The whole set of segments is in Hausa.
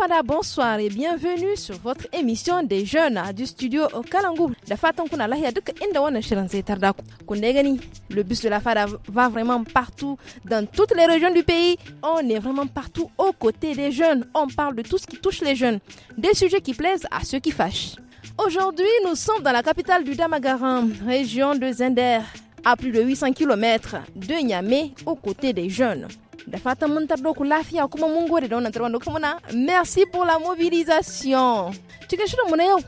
Fada, bonsoir et bienvenue sur votre émission des jeunes du studio au Kalangu. le bus de la Fada va vraiment partout dans toutes les régions du pays. On est vraiment partout aux côtés des jeunes. On parle de tout ce qui touche les jeunes, des sujets qui plaisent à ceux qui fâchent. Aujourd'hui, nous sommes dans la capitale du Damagaran, région de Zender, à plus de 800 km de Niamey, aux côtés des jeunes da fatan mun ku lafiya kuma mun gode da wannan tarwanda kuma na merci pour la mobilisation cikin shirin mu na yau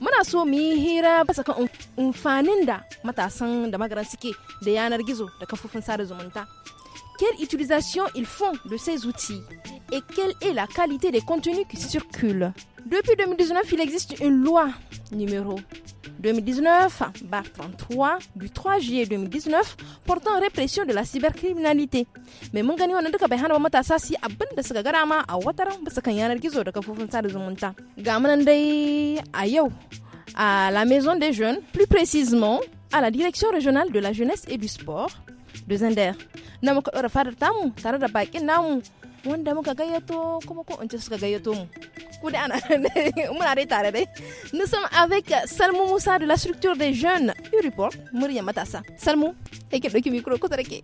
muna so mu yi hira bisa kan amfanin da matasan da magaran suke da yanar gizo da kafofin sada zumunta quelle utilisation ils font de ces outils et quelle est la qualité des contenus qui circulent. Depuis 2019, il existe une loi numéro 2019, barre 33, du 3 juillet 2019, portant répression de la cybercriminalité. Mais mun gani wannan duka de hana matasa su yi de ce suka gara ma a wataran bisa kan yanar gizo da kafofin sada zumunta. Ga munan dai a yau à la Maison des Jeunes, plus précisément à la Direction régionale de la jeunesse et du sport de Zender. Na muka ɗora tamu tare da namu wanda muka gayyato kuma ko in ce suka gayyato mu ku da ana muna dai tare dai nous sommes avec Salmu Moussa de la structure des jeunes Uriport murya matasa Salmo yake dauki micro kusa da ke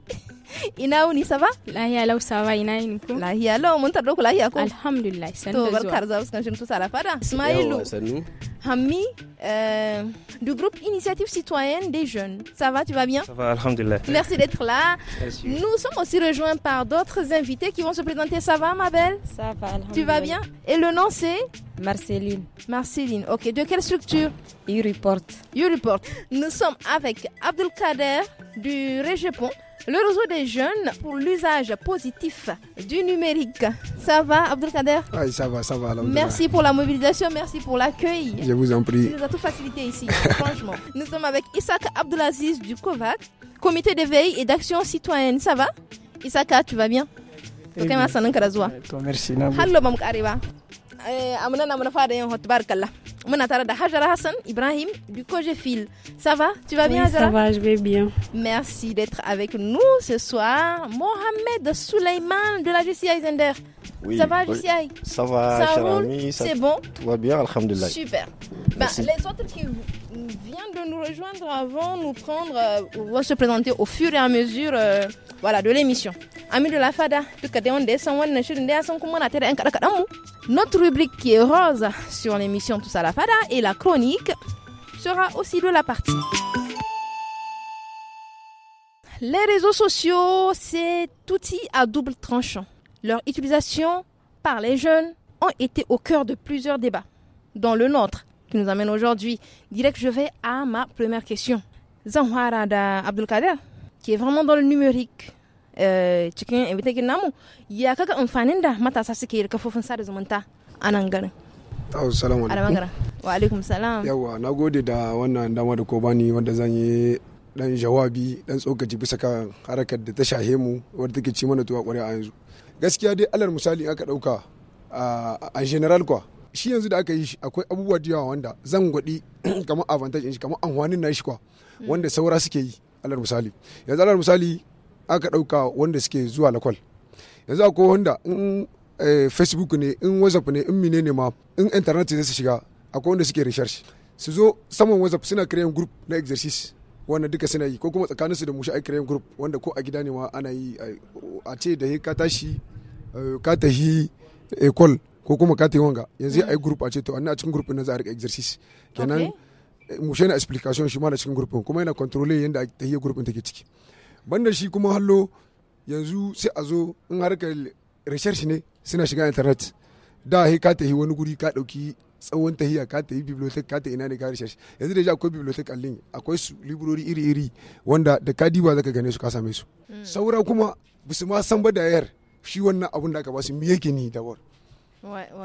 ina ça va La lahiya lau ina yini ko lahiya lau mun tardo ku alhamdulillah san zuwa to barkar fada ismailu Hammi, eh, du groupe Initiative Citoyenne des Jeunes. Ça va, tu vas bien Ça va, Alhamdulillah. Merci d'être là. Nous sommes aussi rejoints par d'autres invités qui vont se présenter. Ça va, ma belle Ça va, Alhamdulillah. Tu vas bien Et le nom, c'est Marceline. Marceline, ok. De quelle structure You Report. You Report. Nous sommes avec Abdelkader du Régepont. Le réseau des jeunes pour l'usage positif du numérique. Ça va, Abdelkader Oui, ça va, ça va. Merci pour la mobilisation, merci pour l'accueil. Je vous en prie. Il nous a tout facilité ici, franchement. Nous sommes avec Issaq Abdelaziz du COVAC, comité d'éveil et d'action citoyenne. Ça va Isaka, tu vas bien? Eh bien. Merci. Eh, amna na fa da yin hot barkallah muna tare da Hajara Hassan Ibrahim du fil. Ça va Tu vas bien oui, Ça va, je vais bien. Merci d'être avec nous ce soir. Mohamed Souleyman de la GCI Zender. Oui, ça va, GCI Ça va, ça cher ami. C'est bon Tout va bien, Alhamdulillah. Super. Bah, les autres qui viennent de nous rejoindre avant nous prendre, euh, vont se présenter au fur et à mesure. Euh, voilà de l'émission. Amis de la Fada, notre rubrique qui est rose sur l'émission Tout ça la Fada et la chronique sera aussi de la partie. Les réseaux sociaux, c'est outil à double tranchant. Leur utilisation par les jeunes ont été au cœur de plusieurs débats, Dans le nôtre qui nous amène aujourd'hui. Direct, je vais à ma première question. Zanwara Abdelkader, qui est vraiment dans le numérique, Eh, cikin invitakin namu ya kaga amfanin da matasa suke yi kafofin sada zumunta a nan garin assalamu alaikum wa alaikum salam yawa na gode da wannan dama da ko bani wanda zan yi dan jawabi dan tsokaci bisa kan harakar da ta shahe mu wadda take ci mana tuwa kware a yanzu gaskiya dai alal misali aka dauka a general kwa shi yanzu da aka yi shi akwai abubuwa da yawa wanda zan gwadi kamar advantage shi kamar amfanin na shi kwa mm. wanda saura suke yi alal misali yanzu alal misali aka ɗauka wanda suke zuwa lakwal yanzu akwai wanda in eh, facebook ne in whatsapp ne in mine ne ma in internet ne su shiga akwai wanda suke research su zo saman whatsapp suna kiran group na exercise wanda duka suna yi ko kuma tsakanin su da mushi ai group wanda ko a gida ne ma ana yi a ce da ka tashi eh, ka tahi call eh, ko kuma ka tahi wanga yanzu ai group a ce to annan a cikin group na za a rika exercise kenan mushi na explication shi ma na cikin group kuma yana controlling yanda tahiyyar group take ciki banda shi kuma hallo yanzu sai a zo in harkar research ne suna shiga internet da he ka tafi wani guri ka dauki tsawon tahiya ka tafi bibliotheque ka ta ina ne ka research yanzu da ji akwai bibliotheque a akwai su librori iri iri wanda da ka diba zaka gane su ka same su mm. saura kuma bisu ma san ba da yar shi wannan abun da aka ba su me yake ni da war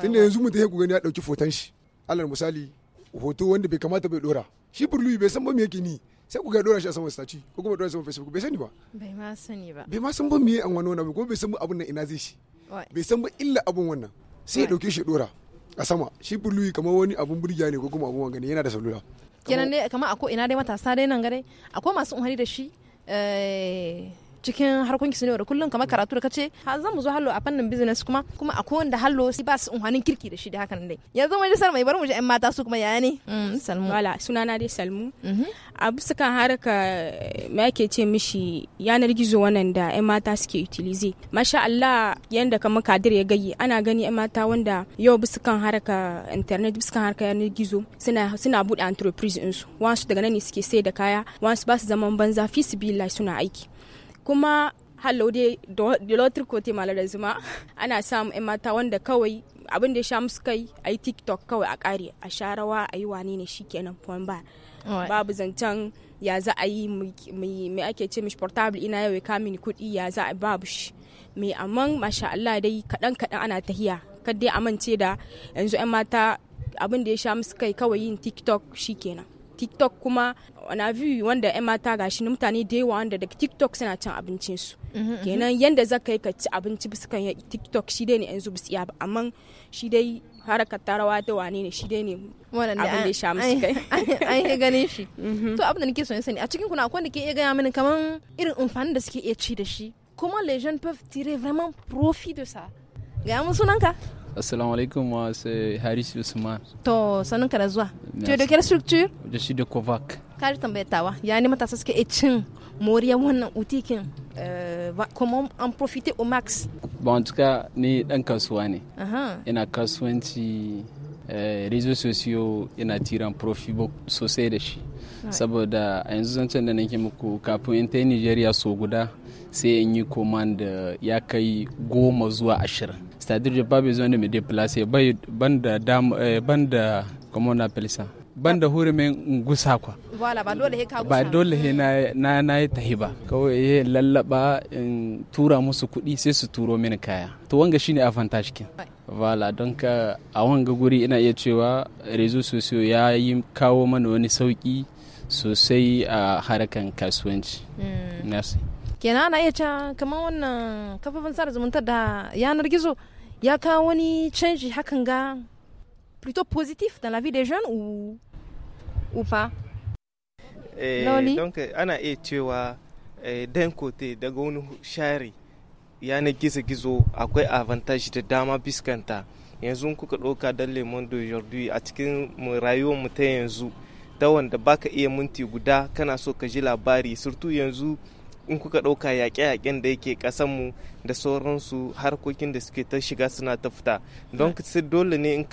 tunda yanzu mu ta ku gani ya dauki foton shi alal misali hoto wanda bai kamata bai dora shi burluyi bai san ba me yake ni sai ku ga dora shi a saman staci ko kuma dora shi saman facebook bai sani ba bai ma sani ba bai ma san ban meye an wani wannan ko bai san abun nan ina zai shi bai san ba illa abun wannan sai ya dauke shi dora a sama shi buluyi kamar wani abun burgiya ne ko kuma abun wangane yana da salula kenan dai kamar a ko ina dai matasa dai nan gare akwai masu unhari da shi eh, cikin harkokin su ne da kullum kamar karatu da kace ha zan mu zo hallo a fannin business kuma kuma akwai wanda hallo si ba su unhanin kirki da shi da hakan dai yanzu mun ji sar mai bar mu ji ƴan mata su kuma yaya ne mm, salmu wala sunana dai salmu mhm. a bisa kan harka me yake ce mishi yanar gizo wannan da ƴan mata suke utilize masha Allah yanda kamar kadir ya gayi ana gani ƴan mata wanda yau bisa kan harka internet bisa kan harka yanar gizo suna suna bude entreprise su. wasu daga nan ne suke sai da kaya wasu ba su zaman banza fi sibila suna aiki kuma hallo dai da lotar kote zuma ana samun 'yan mata wanda kawai abin da sha musu kai a yi tiktok kawai a kare a sharawa a yi wane ne shi kenan ba babu zancen ya za a yi mai ake ce mishi portable ina yau ya kami ni kuɗi ya za a babu shi mai amma masha Allah dai kaɗan kaɗan ana tahiya kadai amince da yanzu 'yan mata abin da ya sha musu kai kawai yin tiktok shi kenan tiktok kuma na vu wanda 'yan mata gashi na mutane da yawa wanda daga tiktok suna cin abincinsu mhm, mhm. kenan yanda za ka yi ka ci abinci bisa kan tiktok shi dai ne yanzu bisa iya ba amma shi dai harakar tarawa da wane ne shi dai ne abin da ya sha musu kai an yi ganin shi mhm. to abin da nake so sani a cikin kuna akwai da ke iya gaya mini kaman irin amfanin da suke iya ci da shi kuma les jeunes peuvent tirer vraiment profit de ça ga mu sunanka Assalamu alaikum, moi c'est Haris Ousmane. To, sanin karazwa. zuwa. Tu es de quelle structure? Je suis de Kovac. Kari tambaye tawa, yani matasa suke e cin moriya wannan utikin. Comment eh, en profiter au max? Bon, en tout cas, ni dan kasuwa ne. Ina kasuwanci eh, réseaux sociaux ina tirant profit sosai da shi. Saboda a yanzu zancen da nake muku kafin in ta Nigeria so guda sai in yi command eh, ya kai goma zuwa ashirin. c'est-à-dire pas besoin de me déplacer banda eh, banda comment on appelle ça banda hurumin gusa kwa wala ba dole ka gusa ba dole he na na na tahi ba kawai lallaba in tura musu kuɗi sai su turo min kaya to wanga shine advantage kin wala donc a wanga guri ina iya cewa rezo sosiyo ya yi kawo mana wani sauki sosai a harkan kasuwanci hmm. kenan ana iya cewa kamar wannan kafafin sada zumunta da yanar gizo ya kawo wani canji hakan ga plutôt positif dans la vie des jeunes ou, ou pas eh, donc ana iya cewa eh, den kote daga wani share yanar gizo-gizo akwai avantage da dama biskanta yanzu kuka ɗauka don lemon dojardu a cikin rayuwar ta yanzu ta wanda baka iya minti guda kana so ka ji labari surtu yanzu in kuka ɗauka yaƙe-yaƙen da yake mu da sauransu harkokin da suke ta shiga suna ta fita don sai dole ne in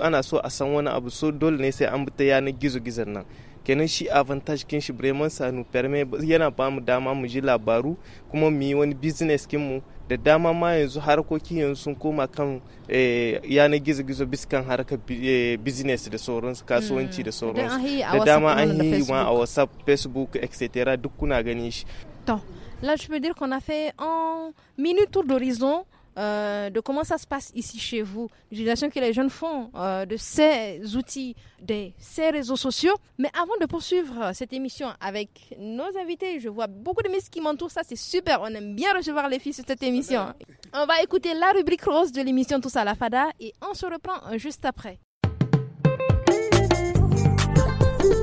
ana so a san wani abu so dole ne sai an bi ta yanar gizo-gizon nan kenan shi avantage kin shi bremen sanu perme yana ba mu dama mu ji labaru kuma mu yi wani business mu da dama ma yanzu harkoki yanzu sun koma kan eh, yanar gizo-gizo biskan harkar eh, business da sauransu kasuwanci da hmm. sauransu da dama an yi ma a whatsapp facebook etc duk kuna ganin shi temps. Là, je peux dire qu'on a fait un minute tour d'horizon euh, de comment ça se passe ici chez vous, l'utilisation que les jeunes font euh, de ces outils, de ces réseaux sociaux. Mais avant de poursuivre euh, cette émission avec nos invités, je vois beaucoup de miss qui m'entourent, ça c'est super, on aime bien recevoir les filles sur cette émission. On va écouter la rubrique rose de l'émission Tous à la Fada et on se reprend juste après.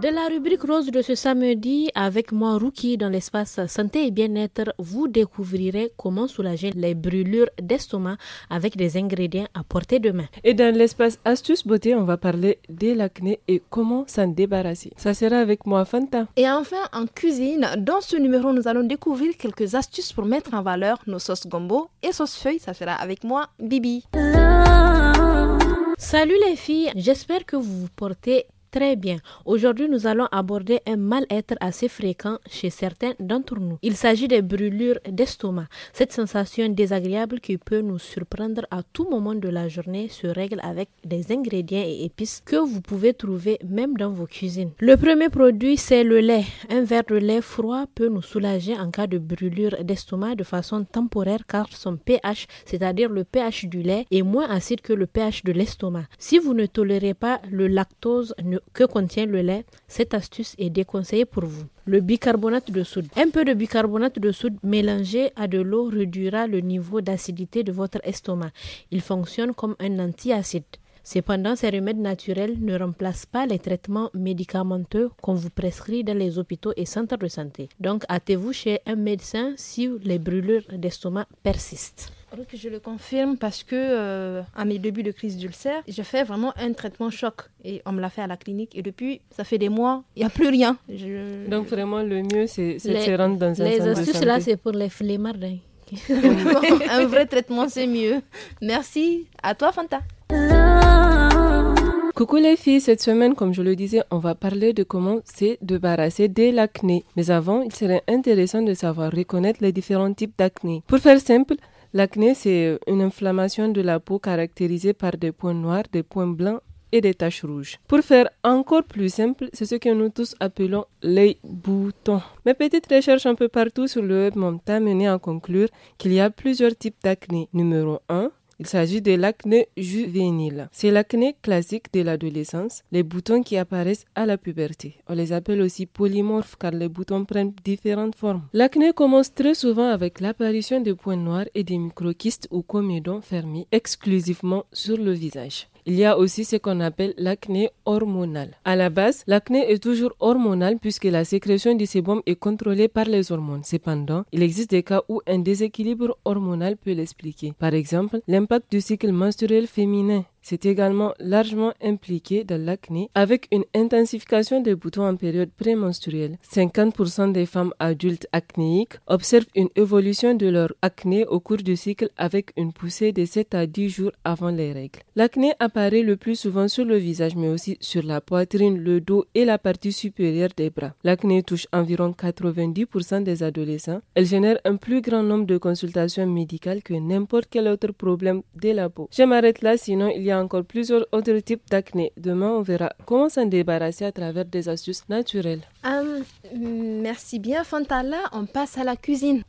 De la rubrique rose de ce samedi, avec moi Rookie dans l'espace santé et bien-être, vous découvrirez comment soulager les brûlures d'estomac avec des ingrédients à portée de main. Et dans l'espace astuces beauté, on va parler de l'acné et comment s'en débarrasser. Ça sera avec moi Fanta. Et enfin, en cuisine, dans ce numéro, nous allons découvrir quelques astuces pour mettre en valeur nos sauces gombo et sauces feuilles. Ça sera avec moi Bibi. Salut les filles, j'espère que vous vous portez Très bien. Aujourd'hui, nous allons aborder un mal-être assez fréquent chez certains d'entre nous. Il s'agit des brûlures d'estomac. Cette sensation désagréable qui peut nous surprendre à tout moment de la journée se règle avec des ingrédients et épices que vous pouvez trouver même dans vos cuisines. Le premier produit, c'est le lait. Un verre de lait froid peut nous soulager en cas de brûlure d'estomac de façon temporaire car son pH, c'est-à-dire le pH du lait, est moins acide que le pH de l'estomac. Si vous ne tolérez pas le lactose, ne que contient le lait, cette astuce est déconseillée pour vous. Le bicarbonate de soude. Un peu de bicarbonate de soude mélangé à de l'eau réduira le niveau d'acidité de votre estomac. Il fonctionne comme un antiacide. Cependant, ces remèdes naturels ne remplacent pas les traitements médicamenteux qu'on vous prescrit dans les hôpitaux et centres de santé. Donc, hâtez-vous chez un médecin si les brûlures d'estomac persistent que je le confirme parce que euh, à mes débuts de crise d'ulcère, j'ai fait vraiment un traitement choc et on me l'a fait à la clinique et depuis, ça fait des mois, il n'y a plus rien. Donc vraiment, le mieux, c'est de se rendre dans un centre Les astuces là, c'est pour les flemmards. Hein. un vrai traitement, c'est mieux. Merci. À toi, Fanta. Coucou les filles, cette semaine, comme je le disais, on va parler de comment se débarrasser de l'acné. Mais avant, il serait intéressant de savoir reconnaître les différents types d'acné. Pour faire simple, L'acné, c'est une inflammation de la peau caractérisée par des points noirs, des points blancs et des taches rouges. Pour faire encore plus simple, c'est ce que nous tous appelons les boutons. Mes petites recherches un peu partout sur le web m'ont amené à conclure qu'il y a plusieurs types d'acné. Numéro 1, il s'agit de l'acné juvénile. C'est l'acné classique de l'adolescence, les boutons qui apparaissent à la puberté. On les appelle aussi polymorphes car les boutons prennent différentes formes. L'acné commence très souvent avec l'apparition de points noirs et des microquistes ou comédons fermés exclusivement sur le visage. Il y a aussi ce qu'on appelle l'acné hormonale. À la base, l'acné est toujours hormonale puisque la sécrétion du sébum est contrôlée par les hormones. Cependant, il existe des cas où un déséquilibre hormonal peut l'expliquer. Par exemple, l'impact du cycle menstruel féminin c'est également largement impliqué dans l'acné avec une intensification des boutons en période prémenstruelle. 50% des femmes adultes acnéiques observent une évolution de leur acné au cours du cycle avec une poussée de 7 à 10 jours avant les règles. L'acné apparaît le plus souvent sur le visage mais aussi sur la poitrine, le dos et la partie supérieure des bras. L'acné touche environ 90% des adolescents. Elle génère un plus grand nombre de consultations médicales que n'importe quel autre problème de la peau. Je m'arrête là sinon il y a encore plusieurs autres types d'acné. Demain, on verra comment s'en débarrasser à travers des astuces naturelles. Hum, hum, merci bien, Fantala. On passe à la cuisine.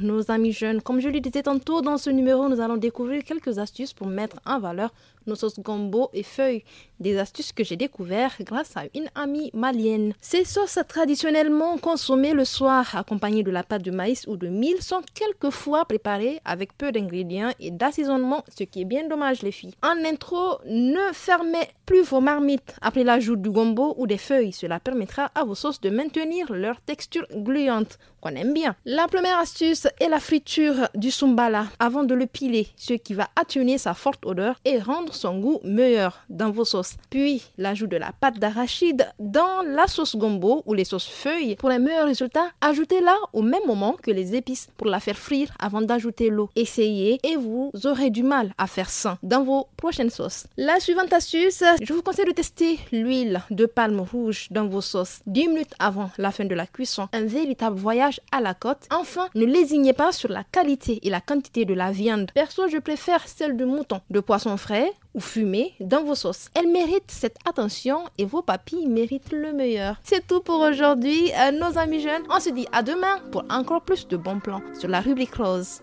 Nos amis jeunes, comme je le disais tantôt dans ce numéro, nous allons découvrir quelques astuces pour mettre en valeur nos sauces gombo et feuilles, des astuces que j'ai découvertes grâce à une amie malienne. Ces sauces traditionnellement consommées le soir, accompagnées de la pâte de maïs ou de mil, sont quelquefois préparées avec peu d'ingrédients et d'assaisonnement, ce qui est bien dommage les filles. En intro, ne fermez plus vos marmites après l'ajout du gombo ou des feuilles, cela permettra à vos sauces de maintenir leur texture gluante qu'on aime bien. La première astuce est la friture du sumbala avant de le piler, ce qui va atténuer sa forte odeur et rendre son goût meilleur dans vos sauces. Puis l'ajout de la pâte d'arachide dans la sauce gombo ou les sauces feuilles. Pour les meilleurs résultats, ajoutez-la au même moment que les épices pour la faire frire avant d'ajouter l'eau. Essayez et vous aurez du mal à faire ça dans vos prochaines sauces. La suivante astuce, je vous conseille de tester l'huile de palme rouge dans vos sauces 10 minutes avant la fin de la cuisson. Un véritable voyage à la côte. Enfin, ne lésignez pas sur la qualité et la quantité de la viande. Perso, je préfère celle de mouton, de poisson frais ou fumée dans vos sauces. Elle mérite cette attention et vos papilles méritent le meilleur. C'est tout pour aujourd'hui, euh, nos amis jeunes. On se dit à demain pour encore plus de bons plans sur la rubrique rose.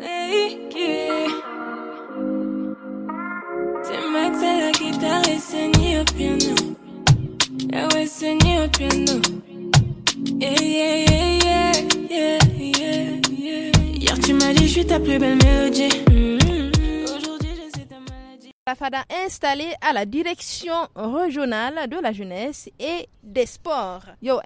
Eh tu ta plus belle mélodie. La FADA installée à la direction régionale de la jeunesse et des sports. Yo,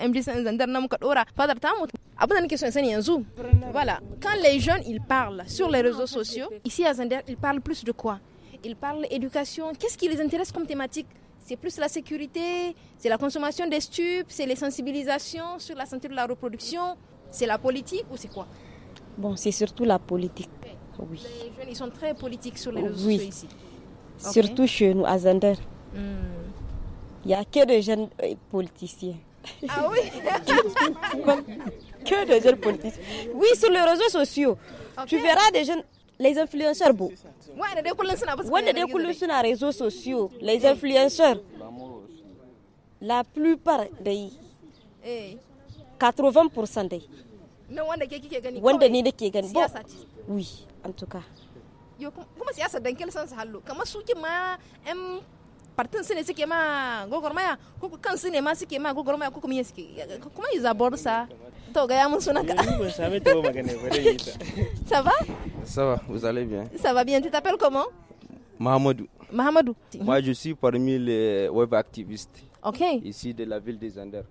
Voilà, quand les jeunes ils parlent sur les réseaux sociaux, ici à Zander, ils parlent plus de quoi Ils parlent éducation. Qu'est-ce qui les intéresse comme thématique c'est plus la sécurité, c'est la consommation des stupes, c'est les sensibilisations sur la santé de la reproduction, c'est la politique ou c'est quoi Bon, c'est surtout la politique. Oui. Les jeunes, ils sont très politiques sur les oh, réseaux sociaux ici surtout chez nous, à Zander. Hmm. Il mm. n'y a que des jeunes euh, politiciens. Ah oui Que des jeunes politiciens. Oui, sur les réseaux sociaux, tu verras des jeunes, les influenceurs beaux. sur les réseaux sociaux, les influenceurs. La plupart des 80% eh. des. Oui, en tout cas yo comment siyasa dan kelsan sans hallo Comment suki ma em partin su ne ma gogormaya ko kan ne ma sike ma gogormaya ko kuma yin suke kuma yi sa to ga ya mun suna ka ça va ça va vous allez bien ça va bien tu t'appelles comment Mahamadou Mahamadou moi je suis parmi les web activistes okay. ici de la ville des Anders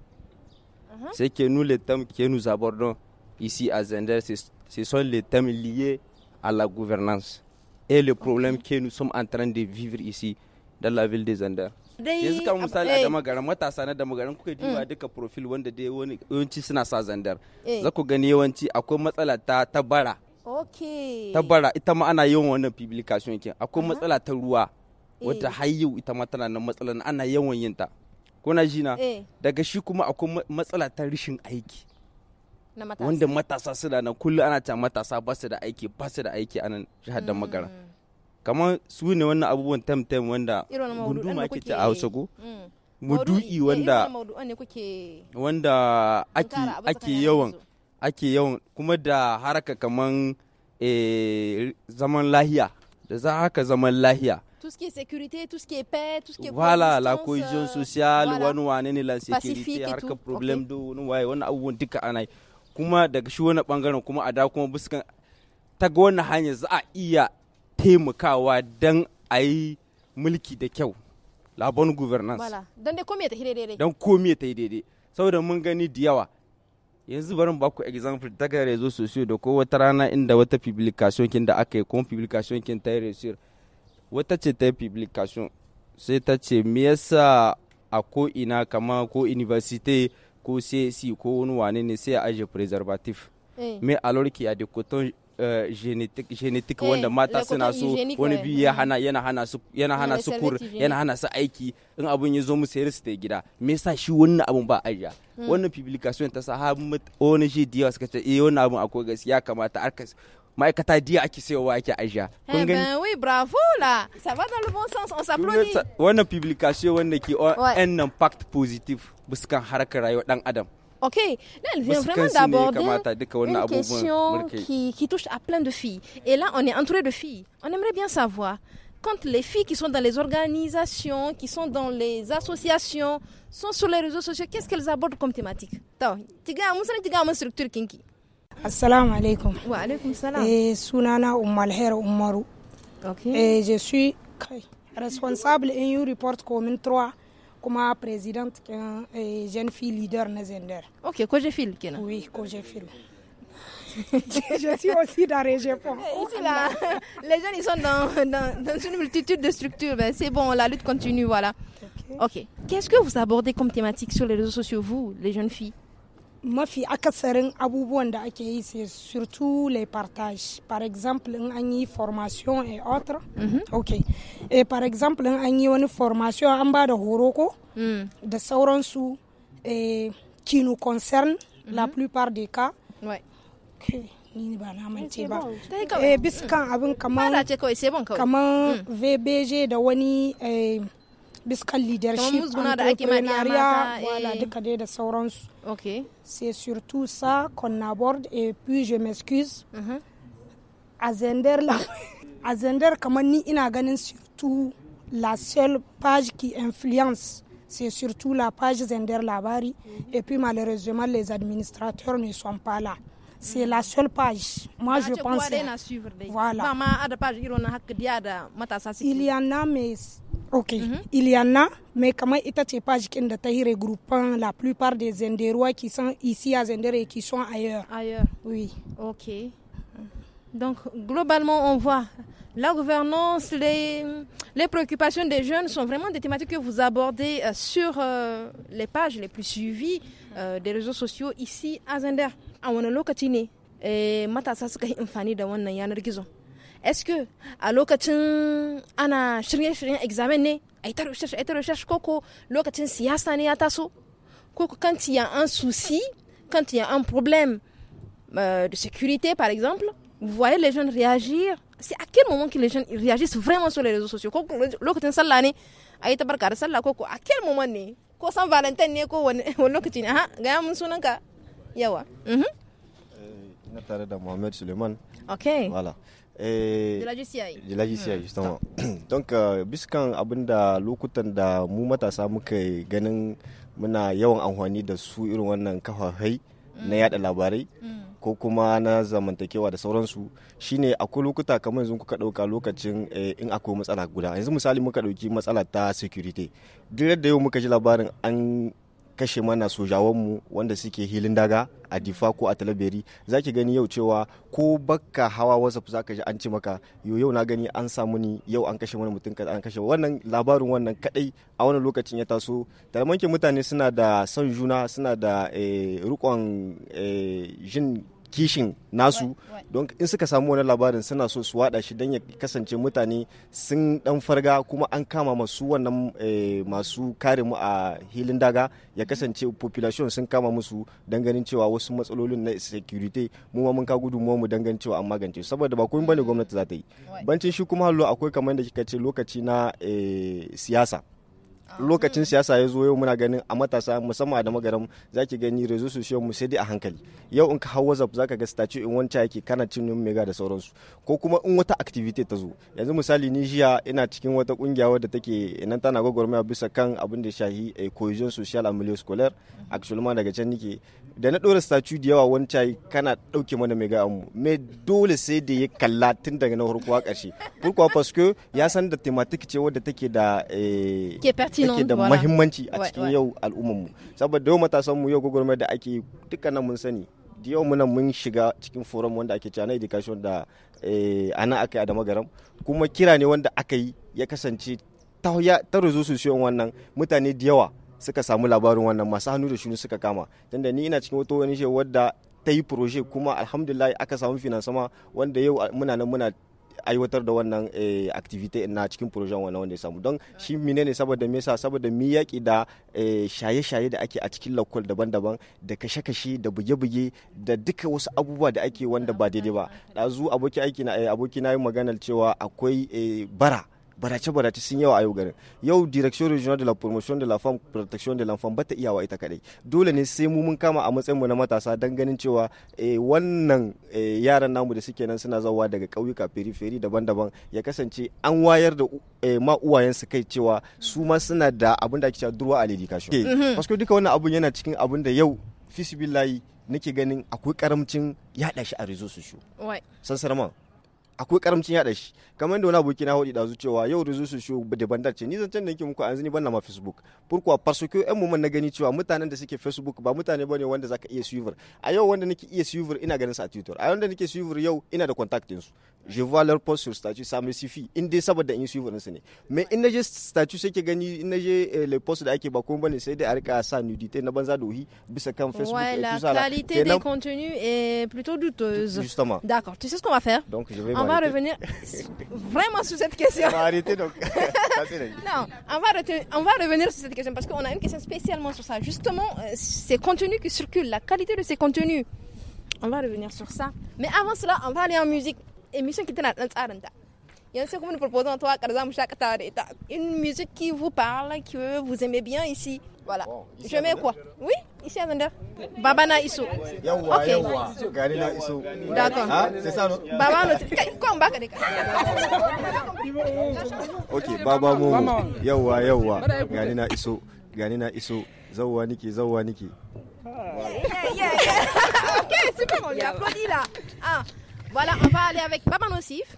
uh-huh. c'est que nous les thèmes que nous abordons ici à Zender ce sont les thèmes liés à la gouvernance est le problème que nous sommes en train de vivre ici dans la ville des Andes. yanzu kamar misali eh. a damagaran matasa na damagaran kuka diba mm. duka profil wanda dai wani yawanci suna sa zandar eh. za ku gani yawanci akwai matsala ta ta bara ta ita ma ana yawan wannan publication yake akwai matsala ta ruwa eh. wadda har ita ma tana nan matsala ana yawan yin ta kuna jina daga shi kuma akwai matsala ta rishin aiki wanda matasa suna nan kullum ana ta matasa ba su da aiki ba su da aiki a nan jihar da magara mm. kamar su ne wannan abubuwan tam tam wanda ma ke ci a hausa ko mudu'i mm. eh, wanda wanda ake ake yawan ake yawan kuma da haraka kamar eh, zaman lahiya da za haka zaman lahiya tout ce qui est sécurité, tout ce qui est paix, tout ce qui est Voilà, la cohésion sociale, wani wani ne la sécurité, harkar problème okay. d'eau, wani abubuwan duka ana yi. kuma daga shi wani bangaren kuma a da kuma buskan ta ga wani hanyar za a iya taimakawa don a yi mulki da kyau labon governance don dai komai ta yi daidai don komai ta yi daidai saboda mun gani da yawa yanzu barin ba ku example daga rezo sosai da ko wata rana inda wata publication kin da aka yi kuma publication kin ta yi resir wata ce ta yi publication sai ta ce me yasa a ko ina kama ko university ko CSI ko wani wane ne sai a aje preservative eh. me alorki a eh, genetic eh, wanda mata suna so wani bi ya mm. hana yana hana su yana hana su kur yana hana su aiki in abun ya zo sai gida me yasa shi publication ake ake Eh ben oui, bravo là. Ça va dans le bon sens, on s'applaudit. une publication wanda ke un impact positif buskan harkar rayuwar dan Adam. Ok, là elle vient vraiment d'aborder une question qui, touche à plein de filles. Et là, on est entouré de filles. On aimerait bien savoir quand les filles qui sont dans les organisations, qui sont dans les associations, sont sur les réseaux sociaux, qu'est-ce qu'elles abordent comme thématique une structure kinky. Assalamu alaikum. Wa alaikum salam. Eh, sunana Umalher Umaru. Ok. Et eh, je suis responsable et you report commune 3 comme présidente et eh, jeune fille leader Nézender. Ok, que je kenan. Oui, que je je suis aussi dans les Japon. Eh, les jeunes, ils sont dans, dans, dans une multitude de structures. Ben, c'est bon, la lutte continue, voilà. Ok. Qu'est-ce que vous abordez comme thématique sur les réseaux sociaux, vous, les jeunes filles mafi akasarin abubuwan da ake yi sai surtout les partages par exemple in an yi formation et autres. Mhm. ok et par exemple in an yi wani formation an bas de horo ko mm. da sauransu eh, qui nous concerne mhm. la plupart des cas Oui. okay. ni ba na mance ba eh, eh biskan abin kaman kaman mm. vbg da wani eh, biskan leadership entrepreneuriat voilà eh. duka de da c'est surtout ça qu'on aborde et puis je m'excuse uh-huh. à Zender, à zender la on dit, ni ina surtout la seule page qui influence c'est surtout la page Zender Labari. Mhm. Et puis malheureusement, les administrateurs ne sont pas là. C'est la seule page. Moi, je pense. Voilà. Il y en a, mais Ok. Mhm. Il y en a, mais comment est ce page qui de regroupant la plupart des Zenderois qui sont ici à Zender et qui sont ailleurs. Ailleurs. Oui. Ok. Donc, globalement, on voit la gouvernance, les, les préoccupations des jeunes sont vraiment des thématiques que vous abordez euh, sur euh, les pages les plus suivies euh, des réseaux sociaux ici à Zender. A est-ce que à lokacin ana shirye-shiryen examen ne a recherche, ta recherche a yi ta recherche koko lokacin siyasa ne ya taso koko quand il y a un souci quand il y a un problème euh, de sécurité par exemple vous voyez les jeunes réagir c'est à quel moment que les jeunes réagissent vraiment sur les réseaux sociaux koko lokacin sallah ne a été ta barka da sallah koko à quel moment ne ko san valentin ne ko wani lokaci ne ha ga mun sunanka yawa mhm. euh, na tare da Mohamed Suleiman Okay. voilà Eh, de la GCI a hmm. justement donc uh, biskan abinda lokutan da mu matasa muka ganin muna yawan amfani da su irin wannan kafafai na hmm. yada labarai hmm. ko kuma na zamantakewa da sauransu shine akwai lokuta kamar yanzu kuka dauka lokacin eh, in akwai matsala guda yanzu misali muka dauki matsala ta security duk da yau muka ji labarin an kashe mana sojawanmu wanda suke hilin daga a difa ko a talaberi za ki gani yau cewa ko bakka hawa wasa za ka ji an ci maka yau na gani an samu ni yau an kashe wani mutum an kashe wannan labarin wannan kadai a wani lokacin ya taso talamanke mutane suna da son juna suna da eh, rikon eh, jin kishin nasu don in suka samu wani labarin suna so su wada shi don ya kasance mutane sun dan farga kuma an kama masu wannan eh, masu kare mu a hilin daga ya kasance population sun kama musu don ganin cewa wasu matsalolin na security mu ma mun ka gudu mu don ganin cewa an magance saboda ba komai bane gwamnati za ta yi bancin shi kuma hallo akwai kamar da kika ce lokaci na eh, siyasa Ah. lokacin siyasa ya zo yau muna ganin a matasa musamman a dama garin za ki gani rezo sosiyon mu sai a hankali yau in ka hau whatsapp za ka ga statue in wancan yake kana cin mega da sauransu ko kuma in wata activity ta zo yanzu misali ni jiya ina cikin wata kungiya wadda take nan tana gwagwarmaya bisa kan abin da shahi eh, cohesion social and milieu scolaire actually ma daga can nike da na dora statue da yawa wancan kana dauke mana mega amu me dole sai da ya kalla tun daga na farko a ƙarshe farko parce ya san da tematik ce wadda take da eh take da muhimmanci a cikin yau al'ummarmu saboda yau matasanmu yau gwagwarmar da ake dukkanin mun sani da yau muna mun shiga cikin forum wanda ake cewa na education da eh, ana aka yi a damagaram kuma kira ne wanda aka yi ya kasance ta su sosiyon wannan mutane da yawa suka samu labarin wannan masu hannu da shuni suka kama tunda ni ina cikin wata wani wadda ta yi kuma alhamdulillah aka samu finansama wanda yau muna nan muna aiwatar da wannan eh, activity na cikin projen wannan wanda ya samu don shi mine ne saboda me yasa saboda mi yaki da eh, shaye-shaye da ake a cikin lakwal daban-daban da kashe-kashe da buge-buge da duka wasu abubuwa da ake wanda ba daidai ba ɗazu aboki aiki na eh, aboki na yi maganar cewa akwai bara barace barace sun yawa a yau garin yau direction regional de la promotion de la femme protection de l'enfant bata iyawa ita kadai dole ne sai mu mun kama a matsayin mu na matasa dan ganin cewa eh, wannan eh, yaran namu da suke nan suna zawa daga kauyuka periphery daban-daban ya kasance an wayar da eh, ma uwayensu kai cewa su ma suna da abin da ake cewa durwa a ledication mm-hmm. parce duka wannan abun yana cikin abin da yau fisibilayi nake ganin akwai karamcin yaɗa shi a rezo su shu sansarman akwai karamcin yada shi kamar da wani aboki na hodi dazu cewa yau da su shi da bandar ce ni zancen da yake muku yanzu ban na ma facebook furkuwa farsukiyo yan muman na gani cewa mutanen da suke facebook ba mutane bane wanda zaka iya suivor a yau wanda nake iya suivor ina ganin sa a twitter a wanda nake suivor yau ina da contact din su je vois leur post sur statut ça me suffit in dai saboda in suivor din su ne mais in naje statut sai ke gani in naje eh, le post da ake ba kuma bane sai dai a rika sa nudité na banza dohi bisa kan facebook et la tout ça la qualité des contenus est plutôt douteuse justement d'accord tu sais ce qu'on va faire donc je vais va revenir vraiment sur cette question. On va arrêter donc. non, on va, on va revenir sur cette question parce qu'on a une question spécialement sur ça. Justement, euh, ces contenus qui circulent, la qualité de ces contenus. On va revenir sur ça. Mais avant cela, on va aller en musique. Émission qui était la Yancy kuma nous proposons toi Karzam Shakatareta, une musique qui vous parle, que vous aimez bien ici. Voilà. Je mets quoi Oui, ici à l'intérieur. Babana Iso. Yawa, okay. yawa. Garina Iso. D'accord. Ah, c'est ça, non Baba, quoi, on va Ok, Baba Mou Yawa, yawa. Garina Iso. Garina Iso. Zawa Niki, Zawa Niki. ok, super, on lui là. Ah, voilà, on va aller avec Baba Nocif.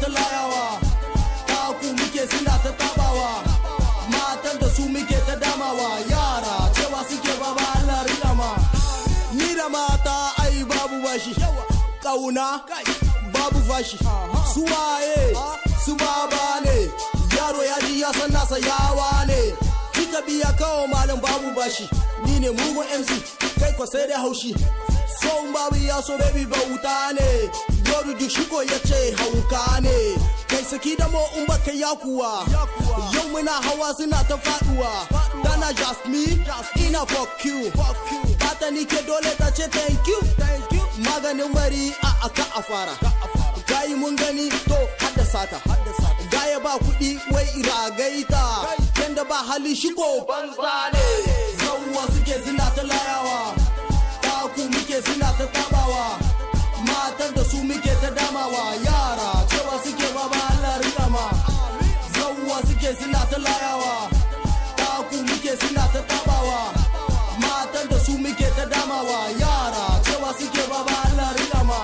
ta layawa taku muke suna ta tabawa matan da su muke ta damawa yara cewa suke baba Allah rikama ni da mata ai babu bashi kauna babu bashi su waye su baba ne yaro ya ji ya san nasa yawa ne kika biya kawo malam babu bashi ni ne mugun MC kai kwa sai da haushi so babu ya so baby bauta ne yoru duk shiko ya sarki da mo in baka yakuwa yau muna hawa suna ta faduwa tana just me ina fuck you ta ni ke dole ta ce thank you maganin mari a aka a fara gayi mun gani to haddasa ta gaya ba kudi wai gaita yanda ba hali shi ko banza ne su suke suna ta layawa taku muke suna ta tabawa matar da su muke ta damawa yara rawa suke suna ta layawa taku muke suna ta tabawa matan da su muke ta damawa yara cewa suke ba Allah ma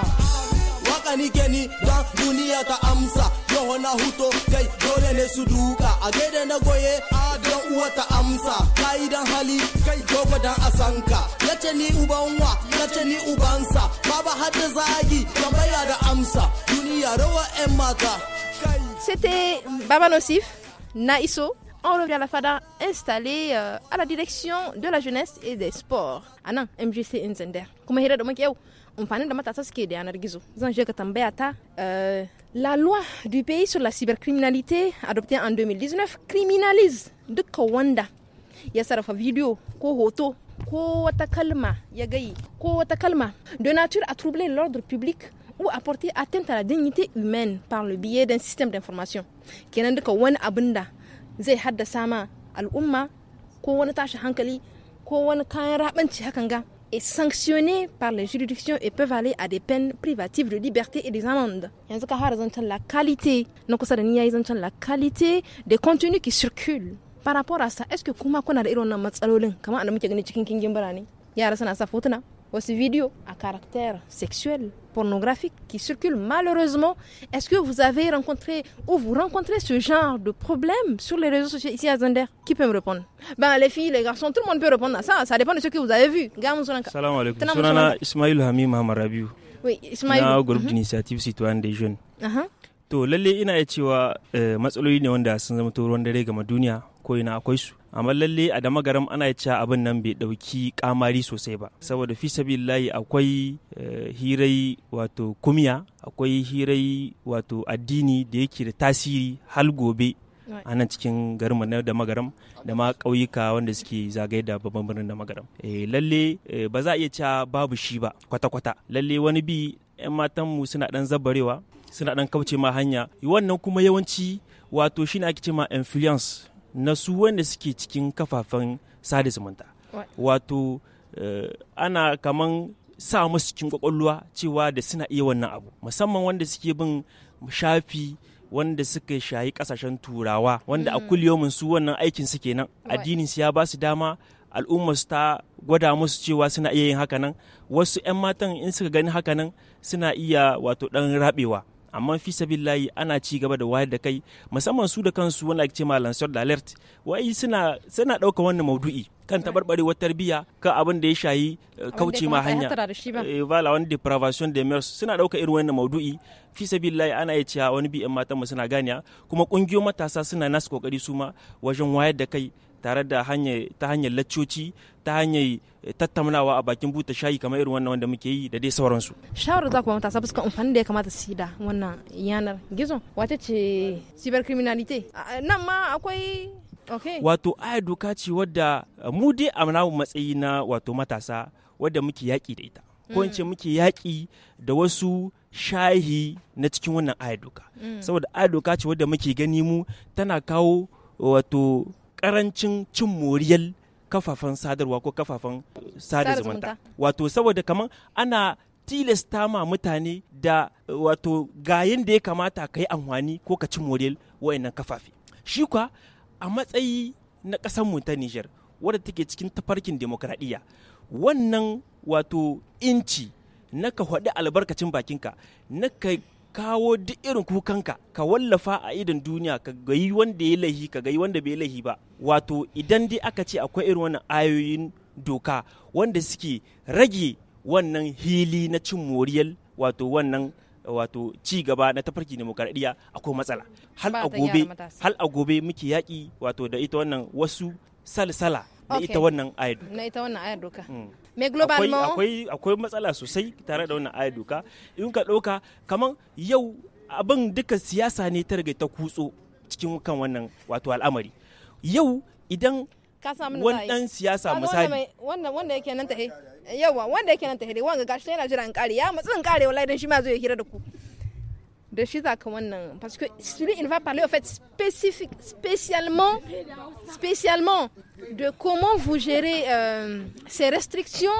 waka ni ke ni don duniya ta amsa yau na huto kai dole ne su duka a gaida na goye a don uwa ta amsa kayi dan hali kai gobe dan asanka yace ni uban wa yace ni ubansa baba hadda zagi baya da amsa duniya rawa yan mata C'était Baba Nocif Naïso. On revient à la FADA installée euh, à la direction de la jeunesse et des sports. Nzender MGC Inzender. Kuma hira da muke yau, amfanin da matasa suke da yanar gizo. Zan je ka tambaya ta euh, La loi du pays sur la cybercriminalité adoptée en 2019 criminalise duka wanda ya sarrafa video ko hoto ko wata kalma ya gai, ko wata kalma de nature à troubler l'ordre public ou apporter atteinte à la dignité humaine par le biais d'un système d'information qui wani ko wani tashi hankali ko wani rabanci hakan ga est sanctionné par les juridictions et peuvent aller à des peines privatives de liberté et des amendes. Yanzu ka har zancen la qualité, na kusa da ni yayi la qualité des contenus qui circulent. Par rapport à ça, est-ce que kuma kuna da irin wannan matsalolin kamar da muke gani cikin kingin birane? Yara suna sa fotuna, wasu video à caractère sexuel pornographique qui circulent malheureusement. Est-ce que vous avez rencontré ou vous rencontrez ce genre de problème sur les réseaux sociaux ici à Zender Qui peut me répondre Ben les filles, les garçons, tout le monde peut répondre à ça. Ça dépend de ce que vous avez vu. Salam alaikum. Ismail Hamim Oui, Ismail. groupe mhm. d'initiative citoyenne des jeunes. Uh-huh. to lalle ina iya cewa eh, matsaloli ne wanda sun zama ruwan dare game duniya ko ina akwai su amma lalle a dama garam ana cewa abin nan bai dauki kamari sosai ba saboda fi sabilillahi akwai eh, hirai wato kumiya akwai hirai wato addini da yake da tasiri hal gobe a nan cikin garin na da magaram da ma ƙauyuka wanda suke zagaye da babban birnin da magaram eh, lalle ba za a iya cewa babu shi ba kwata-kwata lalle wani bi 'yan matanmu suna ɗan zabarewa suna dan kauce ma hanya wannan kuma yawanci wato shine ake ce ma influence na su wanda suke cikin kafafen sada zumunta wato eh, ana kaman sa musu cikin kwakwalwa cewa da suna iya wannan abu musamman wanda suke bin shafi wanda suka shayi kasashen turawa wanda a mm. kulliyomin su wannan aikin su kenan addinin su ya ba su dama su ta gwada musu cewa suna iya yin nan wasu 'yan matan in suka gani nan suna iya wato dan rabewa amma fi sabillahi ana ci gaba da wayar da kai musamman su da kansu wanda ake ce ma lansar da alert wai suna suna ɗauka wannan maudu'i kan wa tarbiyya kan abin da ya shayi eh, kauce ma hanya vala eh, wani depravation de mers suna ɗauka irin wannan maudu'i fi sabillahi ana iya cewa wani bi'in mu suna ganiya kuma ƙungiyoyin matasa suna nasu kokari su ma wajen wayar da kai tare da ta hanyar laccoci ta hanyar eh, tattaunawa a bakin buta shayi kamar irin wannan wanda muke yi da dai sauransu. Shawarar za ku ba matasa fuskan amfani da ya kamata su da wannan yanar gizo wata ce cibiyar criminality nan ma akwai Wato aya doka ce wadda eh, mu dai a matsayi na wato matasa wadda muke yaƙi da ita. ko in ce mm. muke yaƙi da wasu shahi na cikin wannan aya doka mm. saboda aya doka ce wadda muke gani mu tana kawo wato karancin cin moriyar kafafen sadarwa ko kafafen sada zumunta wato saboda kamar ana tilasta ma mutane da wato gayin da ya kamata ka yi amfani ko ka ci moriyar wa'annan kafafe shi kuwa a matsayi na mu ta Nijar wadda take cikin tafarkin demokradiyya wannan wato inci na ka faɗi albarkacin bakinka na ka kawo duk irin kukanka ka wallafa a idan duniya ka gayi wanda ya lahi ka gayi wanda bai lahi ba wato idan dai aka ce akwai irin wannan ayoyin doka wanda suke rage wannan hili na cin moriyal wato wannan wato ci gaba na tafarki demokaradiyya akwai matsala hal a gobe muke yaƙi wato da ita wannan wasu salsala na ita wannan ayar doka na ita wannan ayar doka mm. me global akwai akwai matsala sosai tare da wannan ayar doka in ka doka kaman yau abin duka siyasa ne ta rage ta kutso cikin kan wannan wato al'amari yau idan wani dan siyasa misali wanda wanda yake nan ta yawa wanda yake nan ta wanga gashi yana jira in kare ya matsin kare wallahi dan shi ma zai hira da ku de hein. Parce que celui, il va parler en fait spécifique, spécialement, spécialement de comment vous gérez euh, ces restrictions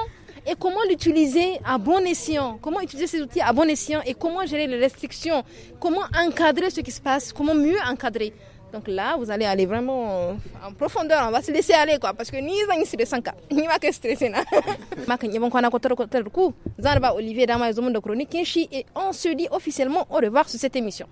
et comment l'utiliser à bon escient, comment utiliser ces outils à bon escient et comment gérer les restrictions, comment encadrer ce qui se passe, comment mieux encadrer. Donc là, vous allez aller vraiment en profondeur, on va se laisser aller quoi parce que ni ça ni ma ka stressé na. Ma kan yabon kwana ko kotoro kotoro ku. ba Olivier Dama chronique et on se dit officiellement au revoir sur cette émission.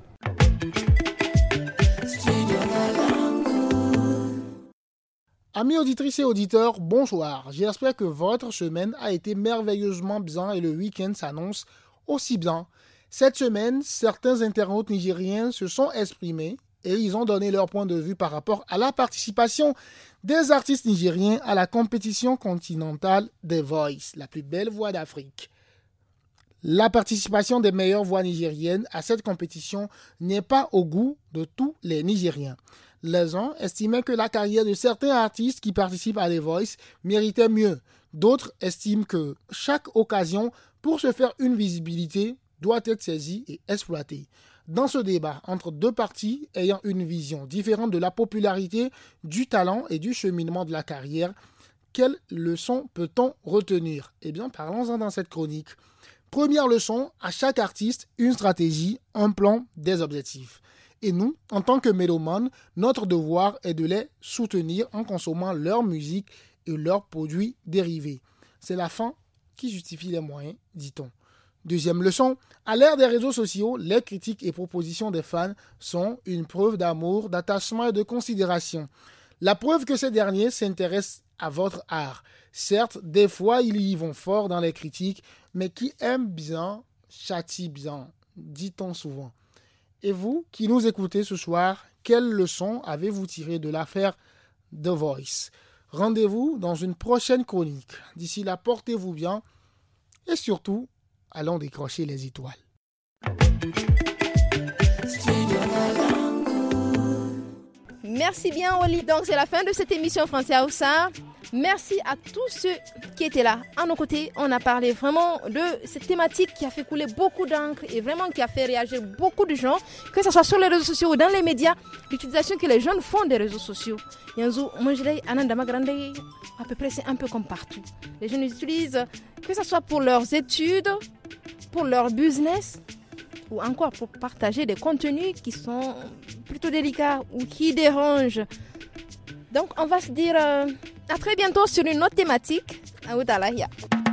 Amis auditrices et auditeurs, bonsoir. J'espère que votre semaine a été merveilleusement bien et le week-end s'annonce aussi bien. Cette semaine, certains internautes nigériens se sont exprimés et ils ont donné leur point de vue par rapport à la participation des artistes nigériens à la compétition continentale des Voice, la plus belle voix d'Afrique. La participation des meilleures voix nigériennes à cette compétition n'est pas au goût de tous les Nigériens. Les uns estimaient que la carrière de certains artistes qui participent à des Voice méritait mieux. D'autres estiment que chaque occasion pour se faire une visibilité doit être saisie et exploitée dans ce débat entre deux parties ayant une vision différente de la popularité, du talent et du cheminement de la carrière, quelles leçons peut-on retenir Eh bien, parlons-en dans cette chronique. Première leçon, à chaque artiste, une stratégie, un plan, des objectifs. Et nous, en tant que mélomanes, notre devoir est de les soutenir en consommant leur musique et leurs produits dérivés. C'est la fin qui justifie les moyens, dit-on. Deuxième leçon, à l'ère des réseaux sociaux, les critiques et propositions des fans sont une preuve d'amour, d'attachement et de considération. La preuve que ces derniers s'intéressent à votre art. Certes, des fois, ils y vont fort dans les critiques, mais qui aime bien, châtie bien, dit-on souvent. Et vous, qui nous écoutez ce soir, quelles leçons avez-vous tirées de l'affaire The Voice Rendez-vous dans une prochaine chronique. D'ici là, portez-vous bien et surtout, Allons décrocher les étoiles. Merci bien, Oli. Donc, c'est la fin de cette émission Français Oussard. Merci à tous ceux qui étaient là. À nos côtés, on a parlé vraiment de cette thématique qui a fait couler beaucoup d'encre et vraiment qui a fait réagir beaucoup de gens, que ce soit sur les réseaux sociaux ou dans les médias, l'utilisation que les jeunes font des réseaux sociaux. Yanzu, à peu près c'est un peu comme partout. Les jeunes utilisent, que ce soit pour leurs études, pour leur business, ou encore pour partager des contenus qui sont plutôt délicats ou qui dérangent. Donc on va se dire... Euh, à très bientôt sur une autre thématique. À